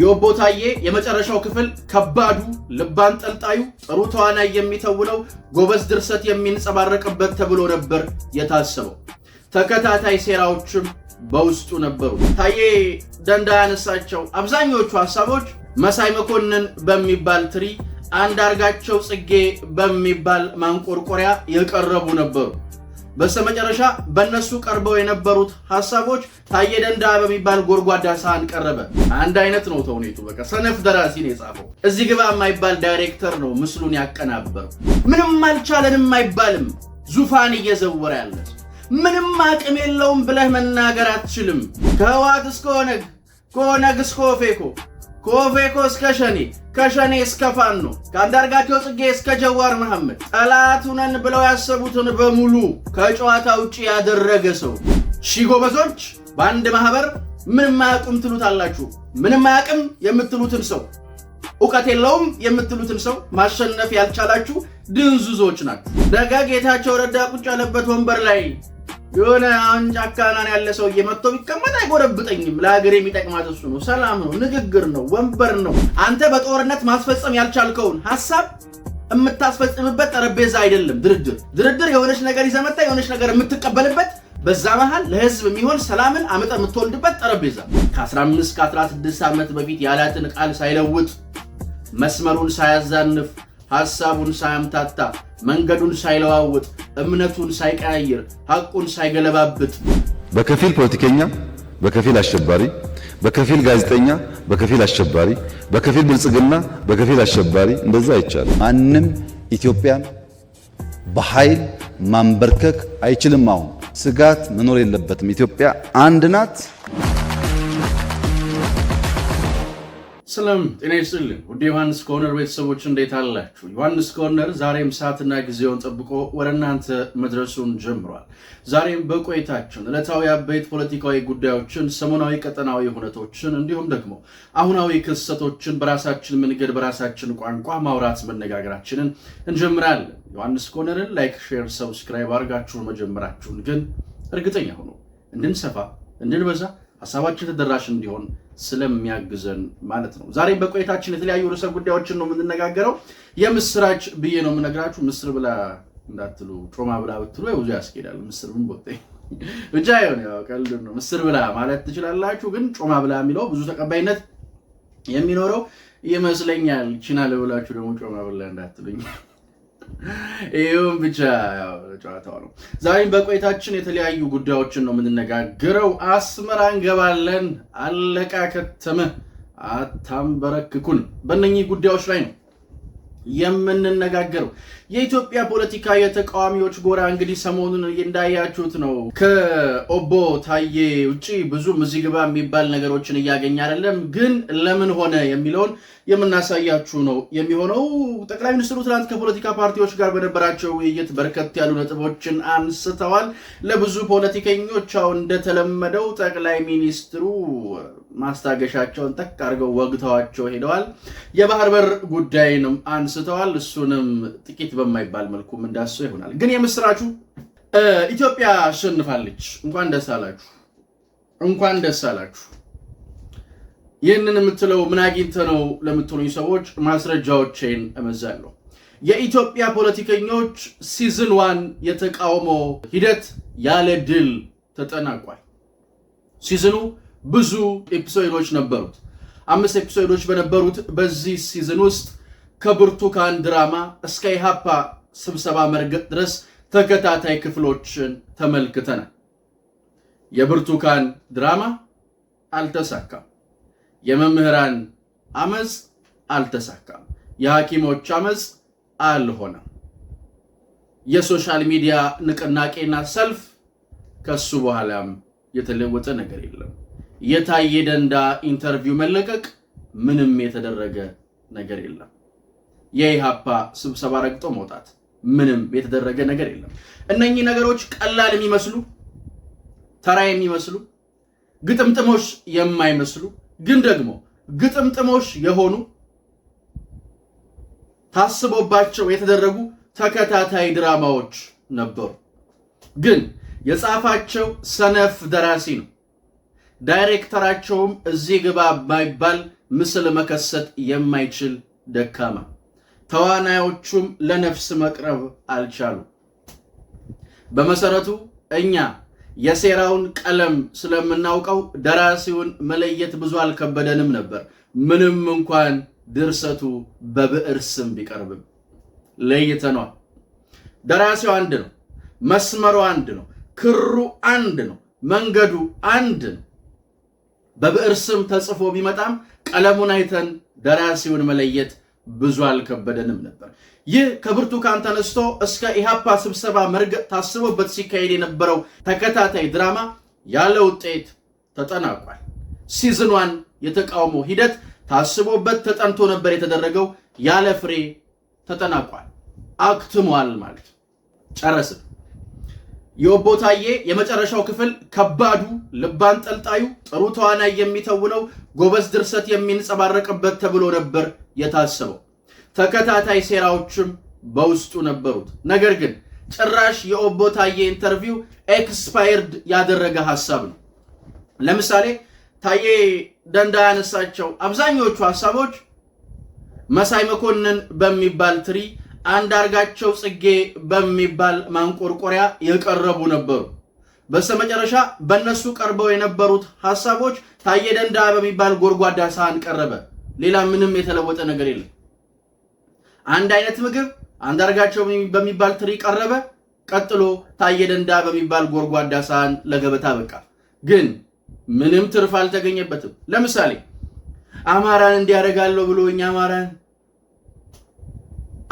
የኦቦታዬ የመጨረሻው ክፍል ከባዱ ልብ አንጠልጣዩ ጥሩ ተዋናይ የሚተውለው ጎበዝ ድርሰት የሚንጸባረቅበት ተብሎ ነበር የታሰበው። ተከታታይ ሴራዎችም በውስጡ ነበሩ። ታዬ ደንዳ ያነሳቸው አብዛኞቹ ሀሳቦች መሳይ መኮንን በሚባል ትሪ፣ አንዳርጋቸው ጽጌ በሚባል ማንቆርቆሪያ የቀረቡ ነበሩ። በስተመጨረሻ በእነሱ ቀርበው የነበሩት ሀሳቦች ታዬ ደንደዓ በሚባል ጎርጓዳ ሳህን ቀረበ። አንድ አይነት ነው ተውኔቱ። በቃ ሰነፍ ደራሲ ነው የጻፈው። እዚህ ግባ የማይባል ዳይሬክተር ነው ምስሉን ያቀናበረው። ምንም አልቻለንም አይባልም። ዙፋን እየዘወረ ያለ ምንም አቅም የለውም ብለህ መናገር አትችልም። ከህወሓት እስከ ኦነግ ከኦነግ እስከ ኦፌኮ ከኦፌኮ እስከ ከሸኔ እስከ ፋኖ ከአንዳርጋቸው ጽጌ እስከ ጀዋር መሐመድ ጠላት ነን ብለው ያሰቡትን በሙሉ ከጨዋታ ውጭ ያደረገ ሰው ሺህ ጎበዞች በአንድ ማህበር ምንም አያውቁም ትሉት አላችሁ። ምንም አያውቅም የምትሉትን ሰው እውቀት የለውም የምትሉትን ሰው ማሸነፍ ያልቻላችሁ ድንዙዞች ናችሁ። ነገ ጌታቸው ረዳ ቁጭ ያለበት ወንበር ላይ የሆነ አሁን ጫካናን ያለ ሰውዬ መጥቶ ቢቀመጥ አይጎረብጠኝም። ለሀገር የሚጠቅማት እሱ ነው። ሰላም ነው፣ ንግግር ነው፣ ወንበር ነው። አንተ በጦርነት ማስፈጸም ያልቻልከውን ሀሳብ የምታስፈጽምበት ጠረጴዛ አይደለም ድርድር። ድርድር የሆነች ነገር ይዘመታ የሆነች ነገር የምትቀበልበት በዛ መሀል ለህዝብ የሚሆን ሰላምን አመጠ የምትወልድበት ጠረጴዛ ከ15 ከ16 ዓመት በፊት ያላትን ቃል ሳይለውጥ መስመሩን ሳያዛንፍ ሀሳቡን ሳያምታታ መንገዱን ሳይለዋውጥ እምነቱን ሳይቀያይር ሐቁን ሳይገለባብጥ በከፊል ፖለቲከኛ፣ በከፊል አሸባሪ፣ በከፊል ጋዜጠኛ፣ በከፊል አሸባሪ፣ በከፊል ብልጽግና፣ በከፊል አሸባሪ፣ እንደዛ አይቻልም። ማንም ኢትዮጵያን በኃይል ማንበርከክ አይችልም። አሁን ስጋት መኖር የለበትም። ኢትዮጵያ አንድ ናት። ሰላም ጤና ይስጥልን ወደ ዮሐንስ ኮርነር ቤተሰቦች እንዴት አላችሁ? ዮሐንስ ኮርነር ዛሬም ሰዓትና ጊዜውን ጠብቆ ወደ እናንተ መድረሱን ጀምሯል። ዛሬም በቆይታችን ዕለታዊ አበይት ፖለቲካዊ ጉዳዮችን፣ ሰሞናዊ ቀጠናዊ ሁነቶችን እንዲሁም ደግሞ አሁናዊ ክስተቶችን በራሳችን መንገድ በራሳችን ቋንቋ ማውራት መነጋገራችንን እንጀምራለን። ዮሐንስ ኮርነርን ላይክ፣ ሼር፣ ሰብስክራይብ አድርጋችሁን መጀመራችሁን ግን እርግጠኛ ሆኖ እንድንሰፋ እንድንበዛ ሀሳባችን ተደራሽ እንዲሆን ስለሚያግዘን ማለት ነው። ዛሬም በቆይታችን የተለያዩ ርዕሰ ጉዳዮችን ነው የምንነጋገረው። የምስራች ብዬ ነው የምነግራችሁ። ምስር ብላ እንዳትሉ ጮማ ብላ ብትሉ ብዙ ያስኬዳል። ምስር ምን ቦታ ብቻ ሆነ ቀልድ ነው። ምስር ብላ ማለት ትችላላችሁ፣ ግን ጮማ ብላ የሚለው ብዙ ተቀባይነት የሚኖረው ይመስለኛል። ችና ለብላችሁ ደግሞ ጮማ ብላ እንዳትሉኝ ይሁን ብቻ ጨዋታው ነው። ዛሬም በቆይታችን የተለያዩ ጉዳዮችን ነው የምንነጋግረው። አስመራ እንገባለን፣ አለቃ ከተመ አታንበረክኩን በእነኚህ ጉዳዮች ላይ ነው የምንነጋገረው የኢትዮጵያ ፖለቲካ የተቃዋሚዎች ጎራ እንግዲህ ሰሞኑን እንዳያችሁት ነው። ከኦቦ ታዬ ውጭ ብዙም እዚህ ግባ የሚባል ነገሮችን እያገኘ አይደለም። ግን ለምን ሆነ የሚለውን የምናሳያችሁ ነው የሚሆነው። ጠቅላይ ሚኒስትሩ ትናንት ከፖለቲካ ፓርቲዎች ጋር በነበራቸው ውይይት በርከት ያሉ ነጥቦችን አንስተዋል። ለብዙ ፖለቲከኞች እንደተለመደው ጠቅላይ ሚኒስትሩ ማስታገሻቸውን ጠቅ አድርገው ወግተዋቸው ሄደዋል። የባህር በር ጉዳይንም አንስተዋል። እሱንም ጥቂት በማይባል መልኩም እንዳሰው ይሆናል። ግን የምስራቹ ኢትዮጵያ አሸንፋለች። እንኳን ደስ አላችሁ፣ እንኳን ደስ አላችሁ። ይህንን የምትለው ምን አግኝተ ነው ለምትሉኝ ሰዎች ማስረጃዎቼን እመዛለሁ። የኢትዮጵያ ፖለቲከኞች ሲዝን ዋን የተቃውሞ ሂደት ያለ ድል ተጠናቋል። ሲዝኑ ብዙ ኤፒሶዶች ነበሩት። አምስት ኤፒሶዶች በነበሩት በዚህ ሲዝን ውስጥ ከብርቱካን ድራማ እስከ ኢሃፓ ስብሰባ መርገጥ ድረስ ተከታታይ ክፍሎችን ተመልክተናል። የብርቱካን ድራማ አልተሳካም። የመምህራን አመፅ አልተሳካም። የሐኪሞች አመፅ አልሆነም። የሶሻል ሚዲያ ንቅናቄና ሰልፍ ከሱ በኋላም የተለወጠ ነገር የለም። የታየ ደንዳ ኢንተርቪው መለቀቅ ምንም የተደረገ ነገር የለም። የኢሃፓ ስብሰባ ረግጦ መውጣት ምንም የተደረገ ነገር የለም። እነኚህ ነገሮች ቀላል የሚመስሉ ተራ የሚመስሉ ግጥምጥሞች የማይመስሉ ግን ደግሞ ግጥምጥሞች የሆኑ ታስቦባቸው የተደረጉ ተከታታይ ድራማዎች ነበሩ። ግን የጻፋቸው ሰነፍ ደራሲ ነው። ዳይሬክተራቸውም እዚህ ግባ ባይባል ምስል መከሰት የማይችል ደካማ፣ ተዋናዮቹም ለነፍስ መቅረብ አልቻሉ። በመሰረቱ እኛ የሴራውን ቀለም ስለምናውቀው ደራሲውን መለየት ብዙ አልከበደንም ነበር፣ ምንም እንኳን ድርሰቱ በብዕር ስም ቢቀርብም ለይተነዋል። ደራሲው አንድ ነው፣ መስመሩ አንድ ነው፣ ክሩ አንድ ነው፣ መንገዱ አንድ ነው። በብዕር ስም ተጽፎ ቢመጣም ቀለሙን አይተን ደራሲውን መለየት ብዙ አልከበደንም ነበር። ይህ ከብርቱካን ተነስቶ እስከ ኢህአፓ ስብሰባ መርገጥ ታስቦበት ሲካሄድ የነበረው ተከታታይ ድራማ ያለ ውጤት ተጠናቋል። ሲዝኗን የተቃውሞ ሂደት ታስቦበት ተጠንቶ ነበር የተደረገው፣ ያለ ፍሬ ተጠናቋል። አክትሟል ማለት ጨረስን። የኦቦታዬ የመጨረሻው ክፍል ከባዱ ልብ አንጠልጣዩ ጥሩ ተዋናይ የሚተውነው ጎበዝ ድርሰት የሚንጸባረቅበት ተብሎ ነበር የታሰበው። ተከታታይ ሴራዎችም በውስጡ ነበሩት። ነገር ግን ጭራሽ የኦቦታዬ ኢንተርቪው ኤክስፓየርድ ያደረገ ሀሳብ ነው። ለምሳሌ ታዬ ደንዳ ያነሳቸው አብዛኞቹ ሀሳቦች መሳይ መኮንን በሚባል ትሪ አንዳርጋቸው ጽጌ በሚባል ማንቆርቆሪያ የቀረቡ ነበሩ። በስተመጨረሻ በእነሱ ቀርበው የነበሩት ሐሳቦች ታዬ ደንዳ በሚባል ጎድጓዳ ሳህን ቀረበ። ሌላ ምንም የተለወጠ ነገር የለም። አንድ አይነት ምግብ አንዳርጋቸው በሚባል ትሪ ቀረበ። ቀጥሎ ታዬ ደንዳ በሚባል ጎድጓዳ ሳህን ለገበታ በቃ። ግን ምንም ትርፍ አልተገኘበትም። ለምሳሌ አማራን እንዲያደርጋለሁ ብሎ እኛ አማራን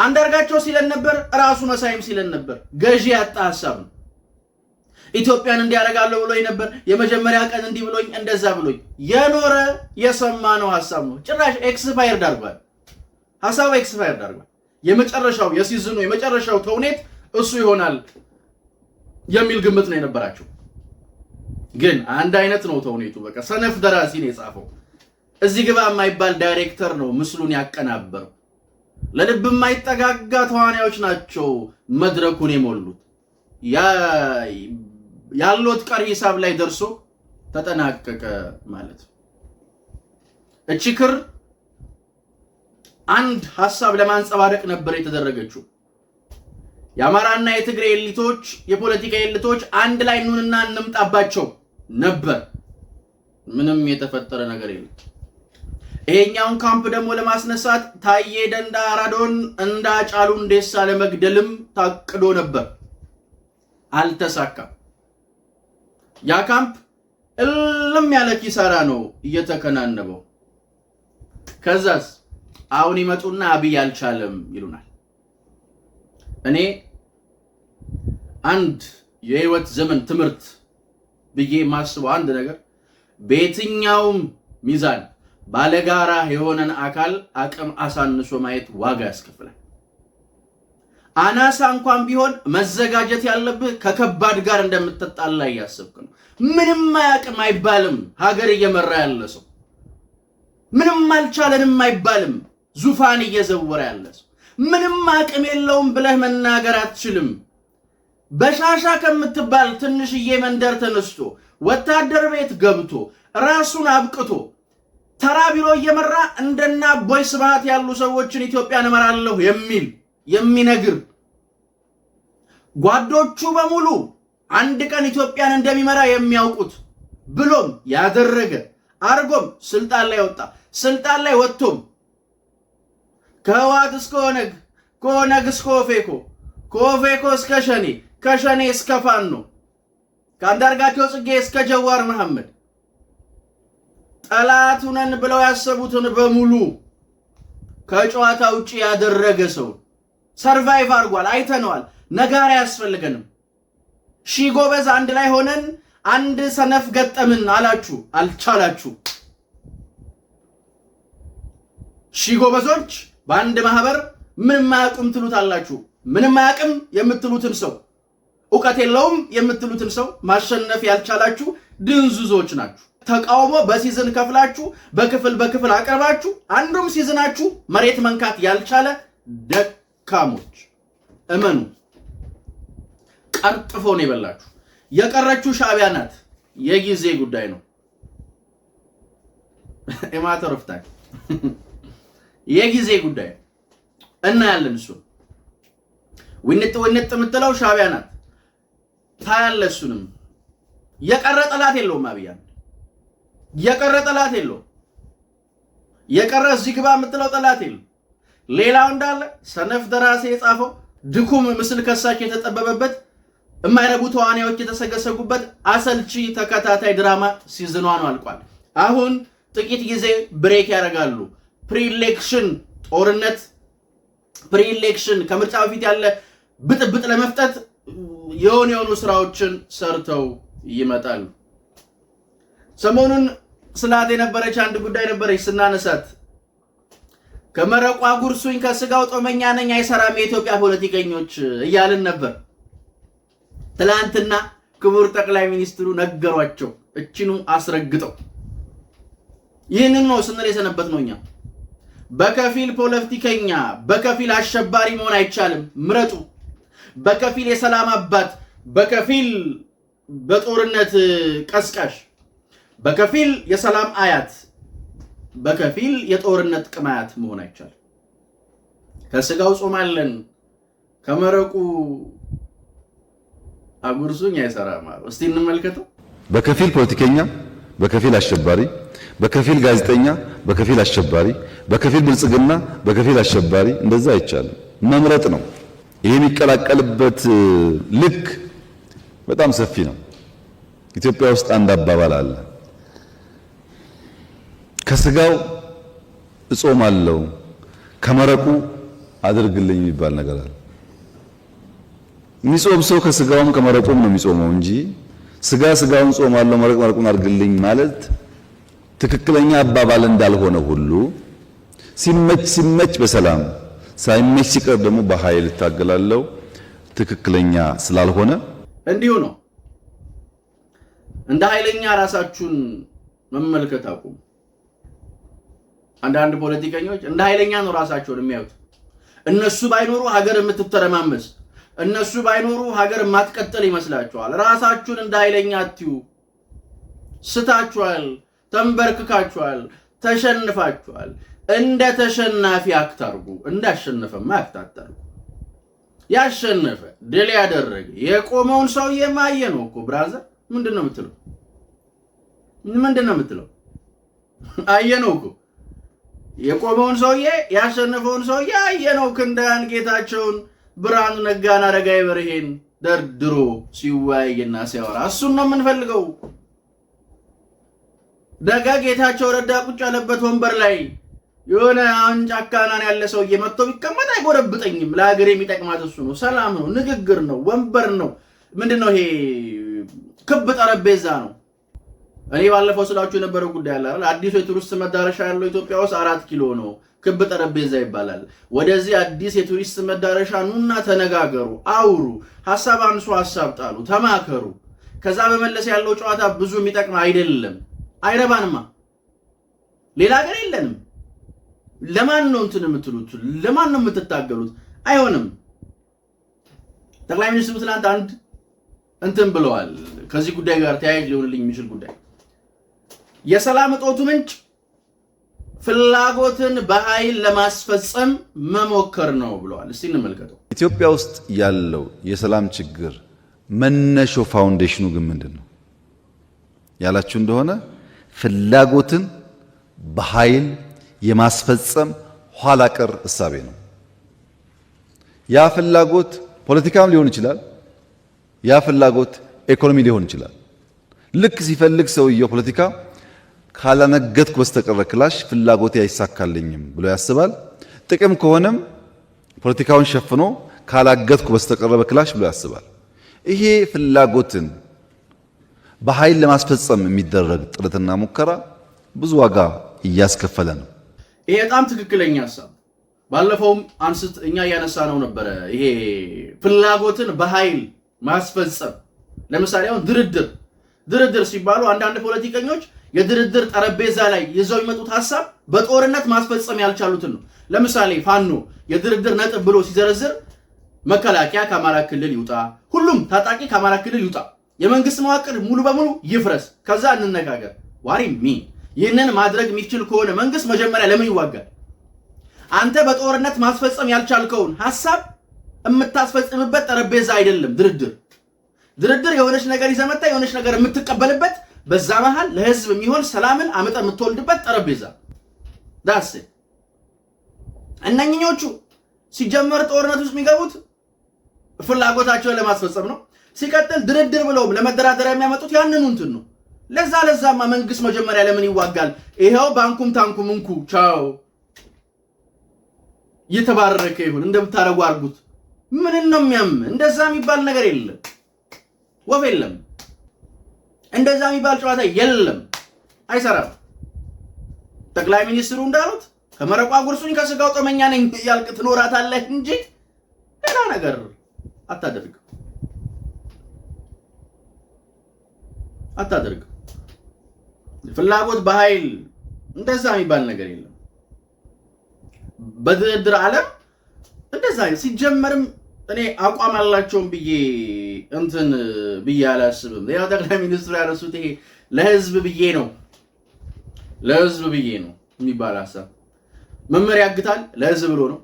አንዳርጋቸው ሲለን ነበር፣ ራሱ መሳይም ሲለን ነበር። ገዢ ያጣ ሀሳብ ነው። ኢትዮጵያን እንዲያደርጋለሁ ብሎኝ ነበር። የመጀመሪያ ቀን እንዲህ ብሎኝ እንደዛ ብሎኝ የኖረ የሰማ ነው ሀሳብ ነው። ጭራሽ ኤክስፓየር ዳርጓል ሀሳቡ ኤክስፓየር ዳርጓል። የመጨረሻው የሲዝኑ የመጨረሻው ተውኔት እሱ ይሆናል የሚል ግምት ነው የነበራቸው። ግን አንድ አይነት ነው ተውኔቱ። በቃ ሰነፍ ደራሲ ነው የጻፈው። እዚህ ግባ የማይባል ዳይሬክተር ነው ምስሉን ያቀናበረው። ለልብ የማይጠጋጋ ተዋናዮች ናቸው መድረኩን የሞሉት። ያሎት ቀሪ ሂሳብ ላይ ደርሶ ተጠናቀቀ ማለት ነው። እቺ ክር አንድ ሀሳብ ለማንጸባረቅ ነበር የተደረገችው። የአማራና የትግሬ ኤሊቶች፣ የፖለቲካ ኤሊቶች አንድ ላይ ኑንና እንምጣባቸው ነበር። ምንም የተፈጠረ ነገር የለም። ይሄኛውን ካምፕ ደግሞ ለማስነሳት ታዬ ደንዳ አራዶን እንዳ ጫሉ ሁንዴሳ ለመግደልም ታቅዶ ነበር፣ አልተሳካም። ያ ካምፕ እልም ያለ ኪሳራ ነው እየተከናነበው። ከዛስ አሁን ይመጡና አብይ አልቻለም ይሉናል። እኔ አንድ የህይወት ዘመን ትምህርት ብዬ የማስበው አንድ ነገር በየትኛውም ሚዛን ባለጋራ የሆነን አካል አቅም አሳንሶ ማየት ዋጋ ያስከፍላል። አናሳ እንኳን ቢሆን መዘጋጀት ያለብህ ከከባድ ጋር እንደምትጣላ እያሰብክ ነው። ምንም አያቅም አይባልም። ሀገር እየመራ ያለ ሰው ምንም አልቻለንም አይባልም። ዙፋን እየዘወረ ያለ ሰው ምንም አቅም የለውም ብለህ መናገር አትችልም። በሻሻ ከምትባል ትንሽዬ መንደር ተነስቶ ወታደር ቤት ገብቶ ራሱን አብቅቶ ተራ ቢሮ እየመራ እንደና ቦይ ስብሃት ያሉ ሰዎችን ኢትዮጵያን እመራለሁ የሚል የሚነግር ጓዶቹ በሙሉ አንድ ቀን ኢትዮጵያን እንደሚመራ የሚያውቁት ብሎም ያደረገ አርጎም ስልጣን ላይ ወጣ ስልጣን ላይ ወጥቶም ከህወሓት እስከ ኦነግ ከኦነግ እስከ ኦፌኮ ከኦፌኮ እስከ ሸኔ ከሸኔ እስከ ፋኖ ከአንዳርጋቸው ጽጌ እስከ ጀዋር መሐመድ ጠላት ነን ብለው ያሰቡትን በሙሉ ከጨዋታ ውጭ ያደረገ ሰው ሰርቫይቭ አድርጓል። አይተነዋል። ነጋሪ አያስፈልገንም። ሺ ጎበዝ አንድ ላይ ሆነን አንድ ሰነፍ ገጠምን አላችሁ፣ አልቻላችሁ። ሺ ጎበዞች በአንድ ማህበር ምንም አያውቁም ትሉት አላችሁ። ምንም አያውቅም የምትሉትን ሰው እውቀት የለውም የምትሉትን ሰው ማሸነፍ ያልቻላችሁ ድንዙዞች ናችሁ። ተቃውሞ በሲዝን ከፍላችሁ በክፍል በክፍል አቅርባችሁ አንዱም ሲዝናችሁ መሬት መንካት ያልቻለ ደካሞች፣ እመኑ ቀርጥፎ ነው የበላችሁ። የቀረችው ሻቢያ ናት። የጊዜ ጉዳይ ነው። ኤማተሮፍታ የጊዜ ጉዳይ እናያለን። እሱን ውንጥ ውንጥ የምትለው ሻቢያ ናት። ታያለ። እሱንም የቀረ ጠላት የለውም አብያን የቀረ ጠላት የለው። የቀረ እዚህ ግባ የምትለው ጠላት የለው። ሌላው እንዳለ ሰነፍ ደራሴ የጻፈው ድኩም ምስል ከሳች የተጠበበበት የማይረቡ ተዋናዮች የተሰገሰጉበት አሰልቺ ተከታታይ ድራማ ሲዝኗን አልቋል። አሁን ጥቂት ጊዜ ብሬክ ያደርጋሉ። ፕሪሌክሽን ጦርነት፣ ፕሪሌክሽን ከምርጫ በፊት ያለ ብጥብጥ ለመፍጠት የሆኑ የሆኑ ስራዎችን ሰርተው ይመጣሉ ሰሞኑን ስላት የነበረች አንድ ጉዳይ ነበረች ስናነሳት ከመረቋ ጉርሱኝ ከስጋው ጦመኛ ነኝ አይሰራም የኢትዮጵያ ፖለቲከኞች እያልን ነበር። ትላንትና ክቡር ጠቅላይ ሚኒስትሩ ነገሯቸው፣ እችኑ አስረግጠው። ይህንን ነው ስንል የሰነበት ነው። እኛ በከፊል ፖለቲከኛ በከፊል አሸባሪ መሆን አይቻልም። ምረጡ። በከፊል የሰላም አባት፣ በከፊል በጦርነት ቀስቃሽ በከፊል የሰላም አያት በከፊል የጦርነት ጥቅም አያት መሆን አይቻልም። ከስጋው ጾማለን ከመረቁ አጉርሱኝ አይሰራም አሉ። እስቲ እንመልከተው። በከፊል ፖለቲከኛ፣ በከፊል አሸባሪ፣ በከፊል ጋዜጠኛ፣ በከፊል አሸባሪ፣ በከፊል ብልጽግና፣ በከፊል አሸባሪ፣ እንደዛ አይቻልም። መምረጥ ነው። ይህ የሚቀላቀልበት ልክ በጣም ሰፊ ነው። ኢትዮጵያ ውስጥ አንድ አባባል አለ ከስጋው እጾም አለው ከመረቁ አድርግልኝ የሚባል ነገር አለ። የሚጾም ሰው ከስጋውም ከመረቁም ነው የሚጾመው እንጂ ስጋ ስጋውን ጾም አለው መረቅ መረቁን አድርግልኝ ማለት ትክክለኛ አባባል እንዳልሆነ ሁሉ ሲመች ሲመች በሰላም ሳይመች ሲቀር ደግሞ በኃይል እታገላለሁ ትክክለኛ ስላልሆነ እንዲሁ ነው። እንደ ኃይለኛ ራሳችሁን መመልከት አቁም። አንዳንድ ፖለቲከኞች እንደ ኃይለኛ ነው ራሳቸውን የሚያዩት። እነሱ ባይኖሩ ሀገር የምትተረማመስ፣ እነሱ ባይኖሩ ሀገር የማትቀጥል ይመስላችኋል። ራሳችሁን እንደ ኃይለኛ አትዩ። ስታችኋል፣ ተንበርክካችኋል፣ ተሸንፋችኋል። እንደ ተሸናፊ አክታርጉ፣ እንዳሸነፈማ አክታታርጉ። ያሸነፈ ድል ያደረገ የቆመውን ሰው የማየ ነው እኮ ብራዘር። ምንድን ነው የምትለው? ምንድን ነው የምትለው? አየ ነው እኮ የቆመውን ሰውዬ ያሸነፈውን ሰውዬ አየነው። ክንዳያን ጌታቸውን ብርሃኑ ነጋን አረጋዊ በርሄን ደርድሮ ሲወያይና ሲያወራ እሱን ነው የምንፈልገው። ነጋ ጌታቸው ረዳ ቁጭ ያለበት ወንበር ላይ የሆነ አሁን ጫካናን ያለ ሰውዬ መጥቶ ቢቀመጥ አይጎረብጠኝም። ለሀገር የሚጠቅማት እሱ ነው። ሰላም ነው፣ ንግግር ነው፣ ወንበር ነው። ምንድን ነው ይሄ? ክብ ጠረጴዛ ነው። እኔ ባለፈው ስላችሁ የነበረው ጉዳይ አለ አይደል? አዲሱ የቱሪስት መዳረሻ ያለው ኢትዮጵያ ውስጥ አራት ኪሎ ነው፣ ክብ ጠረጴዛ ይባላል። ወደዚህ አዲስ የቱሪስት መዳረሻ ኑና ተነጋገሩ፣ አውሩ፣ ሀሳብ አንሱ፣ ሀሳብ ጣሉ፣ ተማከሩ። ከዛ በመለስ ያለው ጨዋታ ብዙ የሚጠቅም አይደለም፣ አይረባንማ። ሌላ ሀገር የለንም። ለማን ነው እንትን የምትሉት? ለማን ነው የምትታገሉት? አይሆንም። ጠቅላይ ሚኒስትሩ ትናንት አንድ እንትን ብለዋል፣ ከዚህ ጉዳይ ጋር ተያያዥ ሊሆንልኝ የሚችል ጉዳይ የሰላም እጦቱ ምንጭ ፍላጎትን በኃይል ለማስፈጸም መሞከር ነው ብለዋል። እስቲ እንመልከተው። ኢትዮጵያ ውስጥ ያለው የሰላም ችግር መነሾ ፋውንዴሽኑ ግን ምንድን ነው ያላችሁ እንደሆነ ፍላጎትን በኃይል የማስፈጸም ኋላ ቀር እሳቤ ነው። ያ ፍላጎት ፖለቲካም ሊሆን ይችላል። ያ ፍላጎት ኢኮኖሚ ሊሆን ይችላል። ልክ ሲፈልግ ሰውየው ፖለቲካ ካላነገትኩ በስተቀረ ክላሽ ፍላጎቴ አይሳካልኝም ብሎ ያስባል። ጥቅም ከሆነም ፖለቲካውን ሸፍኖ ካላገትኩ በስተቀረ ክላሽ ብሎ ያስባል። ይሄ ፍላጎትን በኃይል ለማስፈጸም የሚደረግ ጥረትና ሙከራ ብዙ ዋጋ እያስከፈለ ነው። ይሄ በጣም ትክክለኛ ሀሳብ ባለፈውም አንስት እኛ እያነሳ ነው ነበረ። ይሄ ፍላጎትን በኃይል ማስፈጸም ለምሳሌ አሁን ድርድር ድርድር ሲባሉ አንዳንድ ፖለቲከኞች የድርድር ጠረጴዛ ላይ ይዘው የመጡት ሀሳብ በጦርነት ማስፈጸም ያልቻሉትን ነው። ለምሳሌ ፋኖ የድርድር ነጥብ ብሎ ሲዘረዝር መከላከያ ከአማራ ክልል ይውጣ፣ ሁሉም ታጣቂ ከአማራ ክልል ይውጣ፣ የመንግስት መዋቅር ሙሉ በሙሉ ይፍረስ፣ ከዛ እንነጋገር። ዋሪ ሚ ይህንን ማድረግ የሚችል ከሆነ መንግስት መጀመሪያ ለምን ይዋጋል? አንተ በጦርነት ማስፈጸም ያልቻልከውን ሀሳብ የምታስፈጽምበት ጠረጴዛ አይደለም ድርድር። ድርድር የሆነች ነገር ይዘመታ የሆነች ነገር የምትቀበልበት በዛ መሃል ለህዝብ የሚሆን ሰላምን አመጣ የምትወልድበት ጠረጴዛ ዳስ እነኝኞቹ ሲጀመር ጦርነት ውስጥ የሚገቡት ፍላጎታቸውን ለማስፈጸም ነው። ሲቀጥል ድርድር ብለውም ለመደራደሪያ የሚያመጡት ያንኑ እንትን ነው። ለዛ ለዛማ መንግስት መጀመሪያ ለምን ይዋጋል? ይሄው ባንኩም ታንኩም እንኩ ቻው እየተባረከ ይሁን እንደምታደርጉ አድርጉት። ምን ነው የሚያም እንደዛ የሚባል ነገር የለም፣ ወፍ የለም። እንደዛ የሚባል ጨዋታ የለም፣ አይሰራም። ጠቅላይ ሚኒስትሩ እንዳሉት ከመረቋ ጉርሱኝ ከስጋው ጦመኛ ነኝ ያልክ ትኖራታለህ እንጂ ሌላ ነገር አታደርግም አታደርግም። ፍላጎት በኃይል እንደዛ የሚባል ነገር የለም። በድርድር ዓለም እንደዛ ሲጀመርም እኔ አቋም አላቸውም ብዬ እንትን ብዬ አላስብም። ያው ጠቅላይ ሚኒስትሩ ያነሱት ይሄ ለህዝብ ብዬ ነው ለህዝብ ብዬ ነው የሚባል ሀሳብ መመሪያ ያግታል። ለህዝብ ብሎ ነው።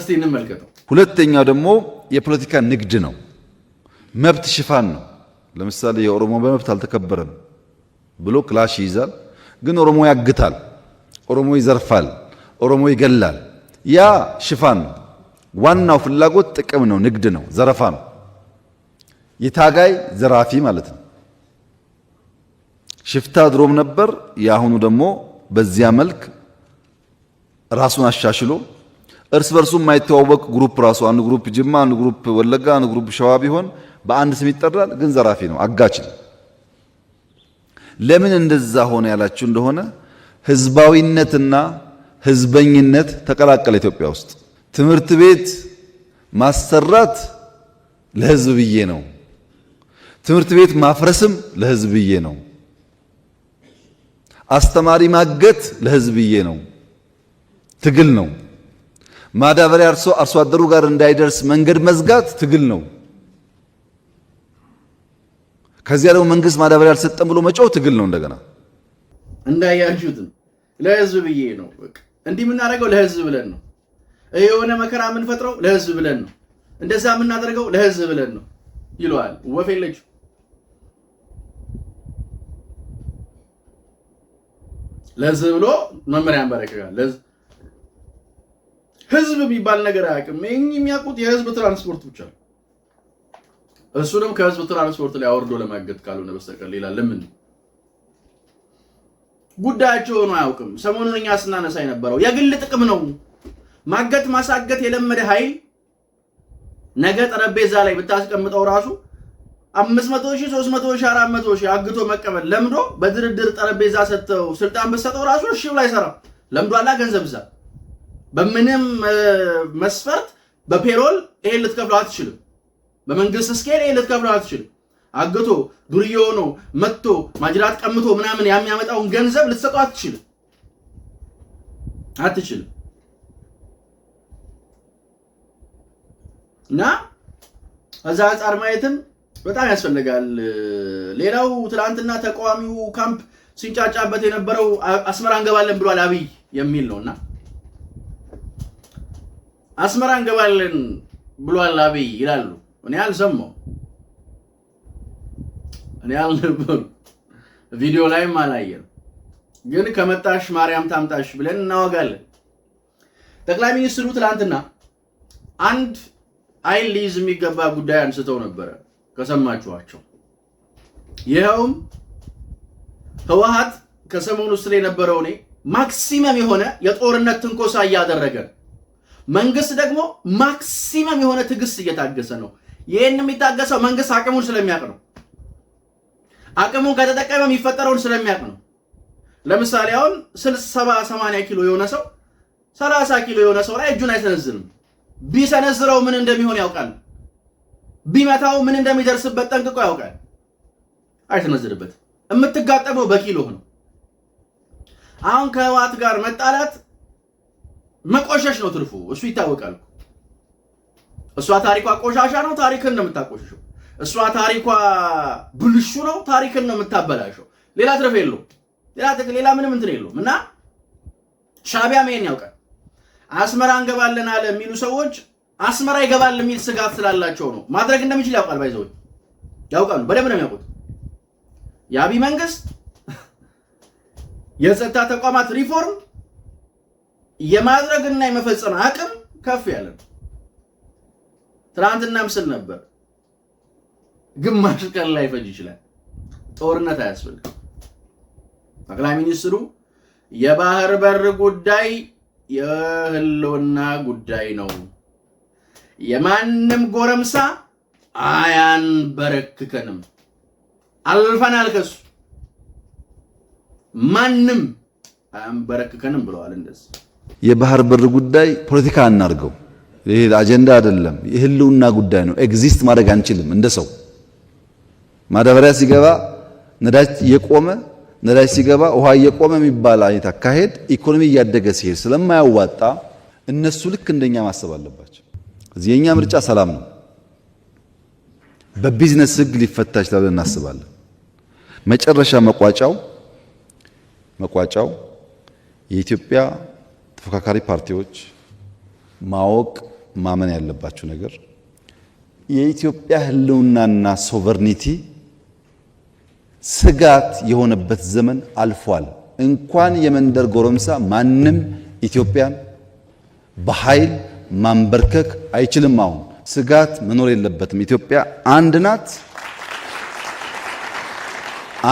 እስቲ እንመልከተው። ሁለተኛው ደግሞ የፖለቲካ ንግድ ነው፣ መብት ሽፋን ነው። ለምሳሌ የኦሮሞ በመብት አልተከበረም ብሎ ክላሽ ይይዛል። ግን ኦሮሞ ያግታል፣ ኦሮሞ ይዘርፋል፣ ኦሮሞ ይገላል። ያ ሽፋን ነው። ዋናው ፍላጎት ጥቅም ነው፣ ንግድ ነው፣ ዘረፋ ነው። የታጋይ ዘራፊ ማለት ነው። ሽፍታ ድሮም ነበር። የአሁኑ ደግሞ በዚያ መልክ ራሱን አሻሽሎ እርስ በርሱ የማይተዋወቅ ግሩፕ ራሱ አንድ ግሩፕ ጅማ፣ አንድ ግሩፕ ወለጋ፣ አንድ ግሩፕ ሸዋ ቢሆን በአንድ ስም ይጠራል፣ ግን ዘራፊ ነው፣ አጋች ነው። ለምን እንደዛ ሆነ ያላችሁ እንደሆነ ህዝባዊነትና ህዝበኝነት ተቀላቀለ ኢትዮጵያ ውስጥ። ትምህርት ቤት ማሰራት ለህዝብ ብዬ ነው። ትምህርት ቤት ማፍረስም ለህዝብ ብዬ ነው። አስተማሪ ማገት ለህዝብ ብዬ ነው። ትግል ነው። ማዳበሪያ አርሶ አርሶ አደሩ ጋር እንዳይደርስ መንገድ መዝጋት ትግል ነው። ከዚያ ደግሞ መንግስት ማዳበሪያ አልሰጠም ብሎ መጮህ ትግል ነው። እንደገና እንዳያችሁትም ለህዝብ ብዬ ነው። እንዲህ የምናደርገው ለህዝብ ብለን ነው። የሆነ መከራ የምንፈጥረው ለህዝብ ብለን ነው፣ እንደዛ የምናደርገው ለህዝብ ብለን ነው ይለዋል። ወፍ የለች ለህዝብ ብሎ መመሪያ ያንበረክካል። ህዝብ የሚባል ነገር አያውቅም። ይህ የሚያውቁት የህዝብ ትራንስፖርት ብቻ ነው። እሱንም ከህዝብ ትራንስፖርት ላይ አውርዶ ለማገት ካልሆነ በስተቀር ሌላ ለምን ጉዳያቸው ሆኖ አያውቅም። ሰሞኑን እኛ ስናነሳ የነበረው የግል ጥቅም ነው። ማገት ማሳገት የለመደ ኃይል ነገ ጠረጴዛ ላይ ብታስቀምጠው ራሱ አምስት መቶ ሺህ ሶስት መቶ ሺህ አራት መቶ ሺህ አግቶ መቀበል ለምዶ በድርድር ጠረጴዛ ሰጥተው ስልጣን በሰጠው ራሱ እሺ ብሎ አይሰራም። ለምዶ አላ ገንዘብ ብዛ በምንም መስፈርት በፔሮል ይሄን ልትከፍለው አትችልም። በመንግስት ስኬል ይሄን ልትከፍለው አትችልም። አግቶ ዱርዬ ሆኖ መጥቶ ማጅራት ቀምቶ ምናምን የሚያመጣውን ገንዘብ ልትሰጠው አትችልም አትችልም። እና እዛ አንጻር ማየትም በጣም ያስፈልጋል። ሌላው ትናንትና ተቃዋሚው ካምፕ ሲንጫጫበት የነበረው አስመራ እንገባለን ብሏል አብይ የሚል ነው እና አስመራ እንገባለን ብሏል አብይ ይላሉ። እኔ አልሰማው እኔ አልነበሩ፣ ቪዲዮ ላይም አላየን። ግን ከመጣሽ ማርያም ታምጣሽ ብለን እናወጋለን። ጠቅላይ ሚኒስትሩ ትናንትና አንድ አይን ሊይዝ የሚገባ ጉዳይ አንስተው ነበረ ከሰማችኋቸው። ይኸውም ህወሓት ከሰሞኑ ስር የነበረው እኔ ማክሲመም የሆነ የጦርነት ትንኮሳ እያደረገ ነው። መንግስት ደግሞ ማክሲመም የሆነ ትዕግስት እየታገሰ ነው። ይህን የሚታገሰው መንግስት አቅሙን ስለሚያውቅ ነው። አቅሙን ከተጠቀመ የሚፈጠረውን ስለሚያውቅ ነው። ለምሳሌ አሁን ስልሳ ሰባ ሰማንያ ኪሎ የሆነ ሰው ሰላሳ ኪሎ የሆነ ሰው ላይ እጁን አይሰነዝንም። ቢሰነዝረው ምን እንደሚሆን ያውቃል። ቢመታው ምን እንደሚደርስበት ጠንቅቆ ያውቃል። አይሰነዝርበት። የምትጋጠመው በኪሎ ነው። አሁን ከህወሓት ጋር መጣላት መቆሸሽ ነው ትርፉ። እሱ ይታወቃል። እሷ ታሪኳ ቆሻሻ ነው፣ ታሪክን ነው የምታቆሽሸው። እሷ ታሪኳ ብልሹ ነው፣ ታሪክን ነው የምታበላሸው። ሌላ ትርፍ የለውም። ሌላ ምንም እንትን የለውም እና ሻቢያ መሄን ያውቃል። አስመራ እንገባለን አለ የሚሉ ሰዎች አስመራ ይገባል የሚል ስጋት ስላላቸው ነው። ማድረግ እንደሚችል ያውቃል። ባይዘው ያውቃሉ፣ በደንብ ነው የሚያውቁት። የአብይ መንግስት የጸጥታ ተቋማት ሪፎርም የማድረግና የመፈጸም አቅም ከፍ ያለ ነው። ትናንትና ምስል ነበር። ግማሽ ቀን ላይ ፈጅ ይችላል። ጦርነት አያስፈልግም። ጠቅላይ ሚኒስትሩ የባህር በር ጉዳይ የህልውና ጉዳይ ነው። የማንም ጎረምሳ አያንበረክከንም። አልፈናል ከሱ ማንም አያንበረክከንም ብለዋል። እንደዚህ የባህር በር ጉዳይ ፖለቲካ አናርገው። ይሄ አጀንዳ አይደለም፣ የህልውና ጉዳይ ነው። ኤግዚስት ማድረግ አንችልም። እንደ ሰው ማዳበሪያ ሲገባ ነዳጅ የቆመ ነዳጅ ሲገባ ውሃ እየቆመ የሚባል አይነት አካሄድ ኢኮኖሚ እያደገ ሲሄድ ስለማያዋጣ እነሱ ልክ እንደኛ ማሰብ አለባቸው። እዚህ የእኛ ምርጫ ሰላም ነው። በቢዝነስ ህግ ሊፈታ ይችላል እናስባለን። መጨረሻ መቋጫው መቋጫው የኢትዮጵያ ተፎካካሪ ፓርቲዎች ማወቅ ማመን ያለባቸው ነገር የኢትዮጵያ ህልውናና ሶቨርኒቲ ስጋት የሆነበት ዘመን አልፏል። እንኳን የመንደር ጎረምሳ ማንም ኢትዮጵያን በኃይል ማንበርከክ አይችልም። አሁን ስጋት መኖር የለበትም። ኢትዮጵያ አንድ ናት፣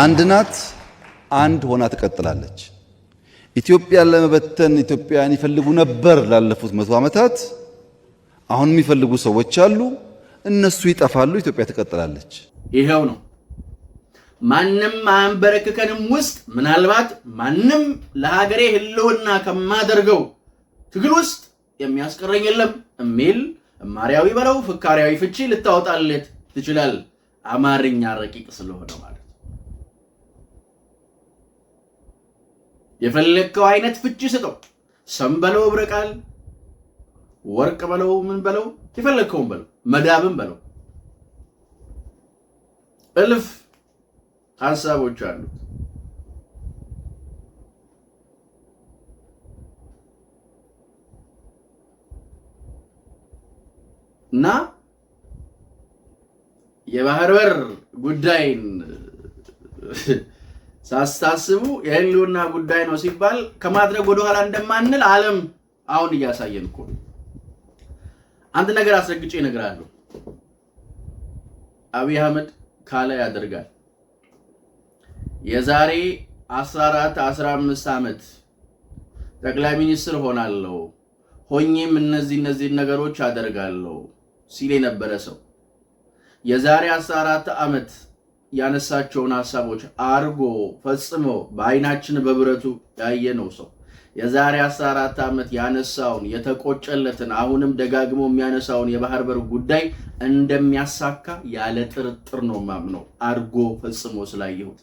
አንድ ናት፣ አንድ ሆና ትቀጥላለች። ኢትዮጵያን ለመበተን ኢትዮጵያን ይፈልጉ ነበር ላለፉት መቶ ዓመታት። አሁን የሚፈልጉ ሰዎች አሉ። እነሱ ይጠፋሉ፣ ኢትዮጵያ ትቀጥላለች። ይሄው ነው። ማንም አያንበረክከንም ውስጥ ምናልባት ማንም ለሀገሬ ህልውና ከማደርገው ትግል ውስጥ የሚያስቀረኝ የለም የሚል እማሪያዊ በለው ፍካሪያዊ ፍቺ ልታወጣለት ትችላል። አማርኛ ረቂቅ ስለሆነ ማለት የፈለግከው አይነት ፍቺ ስጠው። ሰም በለው፣ ብረቃል፣ ወርቅ በለው፣ ምን በለው፣ የፈለግከውን በለው፣ መዳብን በለው እልፍ ሀሳቦች አሉት። እና የባህር በር ጉዳይን ሳስታስቡ የህልውና ጉዳይ ነው ሲባል ከማድረግ ወደኋላ እንደማንል ዓለም አሁን እያሳየን እኮ አንድ ነገር አስረግጬ እነግራለሁ። አብይ አህመድ ካለ ያደርጋል። የዛሬ 14 15 ዓመት ጠቅላይ ሚኒስትር ሆናለሁ ሆኜም እነዚህ እነዚህ ነገሮች አደርጋለሁ ሲል የነበረ ሰው የዛሬ 14 ዓመት ያነሳቸውን ሀሳቦች አርጎ ፈጽሞ በአይናችን በብረቱ ያየነው ሰው የዛሬ 14 ዓመት ያነሳውን የተቆጨለትን አሁንም ደጋግሞ የሚያነሳውን የባህር በር ጉዳይ እንደሚያሳካ ያለ ጥርጥር ነው ማምነው አርጎ ፈጽሞ ስላየሁት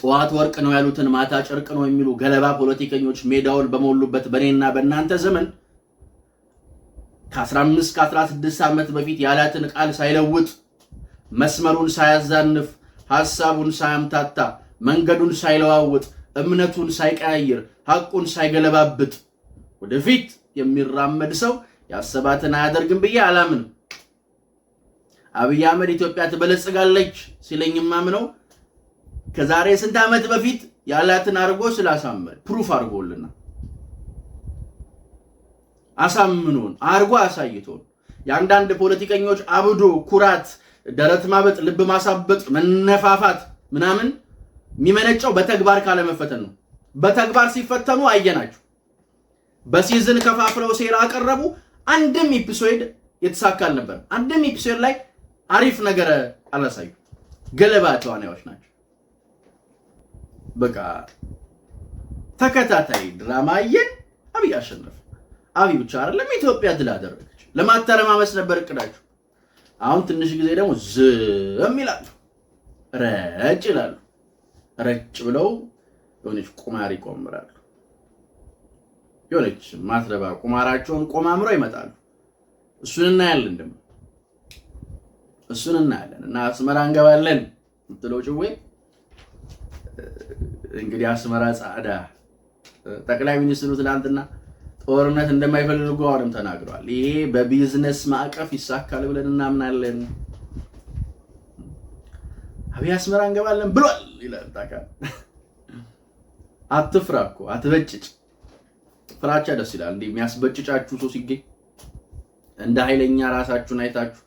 ጠዋት ወርቅ ነው ያሉትን ማታ ጨርቅ ነው የሚሉ ገለባ ፖለቲከኞች ሜዳውን በሞሉበት በእኔና በእናንተ ዘመን ከ15 ከ16 ዓመት በፊት ያላትን ቃል ሳይለውጥ መስመሩን ሳያዛንፍ ሐሳቡን ሳያምታታ መንገዱን ሳይለዋውጥ እምነቱን ሳይቀያይር ሐቁን ሳይገለባብጥ ወደፊት የሚራመድ ሰው ያሰባትን አያደርግም ብዬ አላምንም። አብይ አህመድ ኢትዮጵያ ትበለጽጋለች ሲለኝማ ነው። ከዛሬ ስንት ዓመት በፊት ያላትን አድርጎ ስላሳመን ፕሩፍ አድርጎልና አሳምኖን አድርጎ አሳይቶን የአንዳንድ ፖለቲከኞች አብዶ ኩራት፣ ደረት ማበጥ፣ ልብ ማሳበጥ፣ መነፋፋት ምናምን የሚመነጨው በተግባር ካለመፈተን ነው። በተግባር ሲፈተኑ አየናቸው። በሲዝን ከፋፍለው ሴራ አቀረቡ። አንድም ኢፒሶድ የተሳካ አልነበረም። አንድም ኢፒሶድ ላይ አሪፍ ነገር አላሳዩ። ገለባ ተዋናዮች ናቸው። በቃ ተከታታይ ድራማ አየን። አብይ አሸነፈ። አብይ ብቻ አይደለም ኢትዮጵያ ድል አደረገች። ለማተረማመስ ነበር እቅዳችሁ። አሁን ትንሽ ጊዜ ደግሞ ዝም ይላሉ፣ ረጭ ይላሉ። ረጭ ብለው የሆነች ቁማር ይቆምራሉ። የሆነች ማትረባ ቁማራቸውን ቆማምረው ይመጣሉ። እሱን እናያለን ደግሞ እሱን እናያለን እና አስመራ እንገባለን ምትለው ጭዌ እንግዲህ አስመራ ጻዕዳ። ጠቅላይ ሚኒስትሩ ትናንትና ጦርነት እንደማይፈልጉ አሁንም ተናግረዋል። ይሄ በቢዝነስ ማዕቀፍ ይሳካል ብለን እናምናለን። አብይ አስመራ እንገባለን ብሏል ይላል። አትፍራ እኮ አትበጭጭ። ፍራቻ ደስ ይላል። እንዲህ የሚያስበጭጫችሁ ሰው ሲገኝ እንደ ኃይለኛ ራሳችሁን አይታችሁ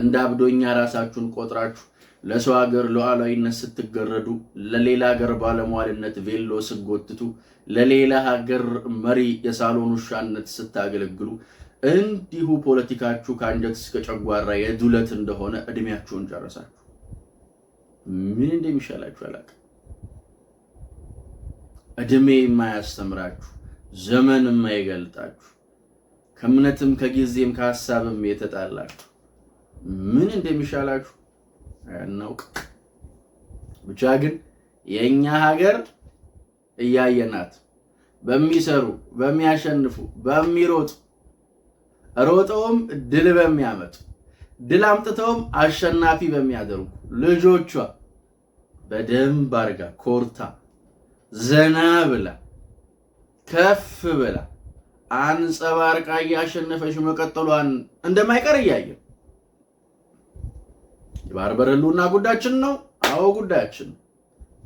እንደ አብዶኛ ራሳችሁን ቆጥራችሁ ለሰው ሀገር ሉዓላዊነት ስትገረዱ፣ ለሌላ ሀገር ባለሟልነት ቬሎ ስጎትቱ፣ ለሌላ ሀገር መሪ የሳሎን ውሻነት ስታገለግሉ፣ እንዲሁ ፖለቲካችሁ ከአንጀት እስከ ጨጓራ የዱለት እንደሆነ እድሜያችሁን ጨረሳችሁ። ምን እንደሚሻላችሁ አላውቅም። እድሜ የማያስተምራችሁ ዘመን የማይገልጣችሁ ከእምነትም ከጊዜም ከሀሳብም የተጣላችሁ ምን እንደሚሻላችሁ እናውቅ። ብቻ ግን የእኛ ሀገር እያየናት በሚሰሩ በሚያሸንፉ በሚሮጡ ሮጠውም ድል በሚያመጡ ድል አምጥተውም አሸናፊ በሚያደርጉ ልጆቿ በደንብ አድርጋ ኮርታ ዘና ብላ ከፍ ብላ አንጸባርቃ እያሸነፈች መቀጠሏን እንደማይቀር እያየው የባህር ህልውና ጉዳያችን ነው። አዎ ጉዳያችን ነው።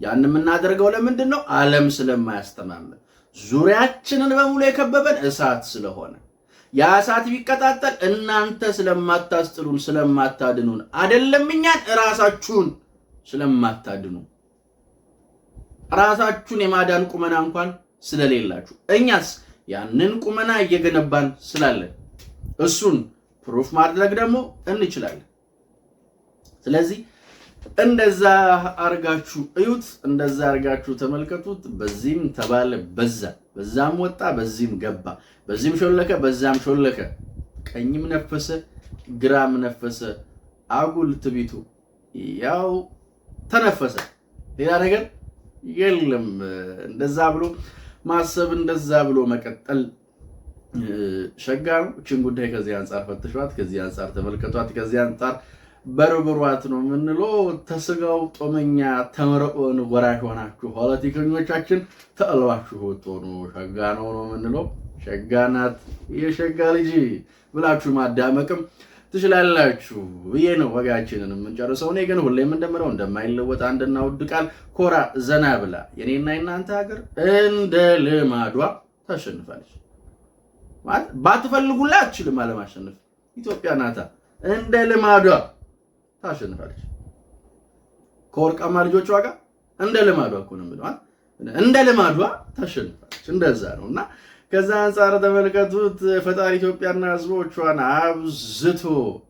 ያን የምናደርገው ለምንድን ነው? ዓለም ስለማያስተማመን ዙሪያችንን በሙሉ የከበበን እሳት ስለሆነ ያ እሳት ቢቀጣጠል እናንተ ስለማታስጥሉን ስለማታድኑን፣ አይደለም እኛን እራሳችሁን ስለማታድኑ ራሳችሁን የማዳን ቁመና እንኳን ስለሌላችሁ እኛስ ያንን ቁመና እየገነባን ስላለን እሱን ፕሩፍ ማድረግ ደግሞ እንችላለን። ስለዚህ እንደዛ አርጋችሁ እዩት፣ እንደዛ አርጋችሁ ተመልከቱት። በዚህም ተባለ በዛ፣ በዛም ወጣ፣ በዚህም ገባ፣ በዚህም ሾለከ፣ በዛም ሾለከ፣ ቀኝም ነፈሰ፣ ግራም ነፈሰ። አጉል ትቢቱ ያው ተነፈሰ፣ ሌላ ነገር የለም። እንደዛ ብሎ ማሰብ እንደዛ ብሎ መቀጠል ሸጋ ነው። እችን ጉዳይ ከዚህ አንጻር ፈትሿት፣ ከዚህ አንጻር ተመልከቷት፣ ከዚህ አንጻር በርብሯት ነው የምንለው። ተስጋው ጦመኛ ተመረቆን ወራሽ ሆናችሁ ፖለቲከኞቻችን ተዕልባችሁ ወጥኑ ሸጋ ነው ነው የምንለው። ሸጋናት የሸጋ ልጅ ብላችሁ ማዳመቅም ትችላላችሁ ብዬ ነው ወጋችንን የምንጨርሰው። እኔ ግን ሁሌም እንደምለው እንደማይለወጥ አንድና ውድ ቃል ኮራ ዘና ብላ የኔና የናንተ ሀገር እንደ ልማዷ ታሸንፋለች። ባትፈልጉላ አችልም አለማሸነፍ ኢትዮጵያ ናታ እንደ ልማዷ ታሸንፋለች። ከወርቃማ ልጆቿ ጋር እንደ ልማዷ እኮ ነው የምልህ፣ እንደ ልማዷ ታሸንፋለች። እንደዛ ነው እና ከዛ አንጻር ተመልከቱት። ፈጣሪ ኢትዮጵያና ህዝቦቿን አብዝቶ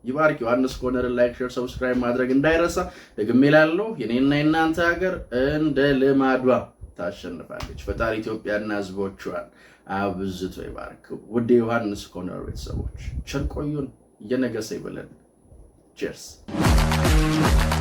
ይባርክ። ዮሐንስ ኮነር ላይክ፣ ሼር፣ ሰብስክራይብ ማድረግ እንዳይረሳ። ደግሜ ላለው የኔና የእናንተ ሀገር እንደ ልማዷ ታሸንፋለች። ፈጣሪ ኢትዮጵያና ህዝቦቿን አብዝቶ ይባርክ። ውድ ዮሐንስ ኮነር ቤተሰቦች ቸር ቆዩን። እየነገሰ ይበለን። Cheers.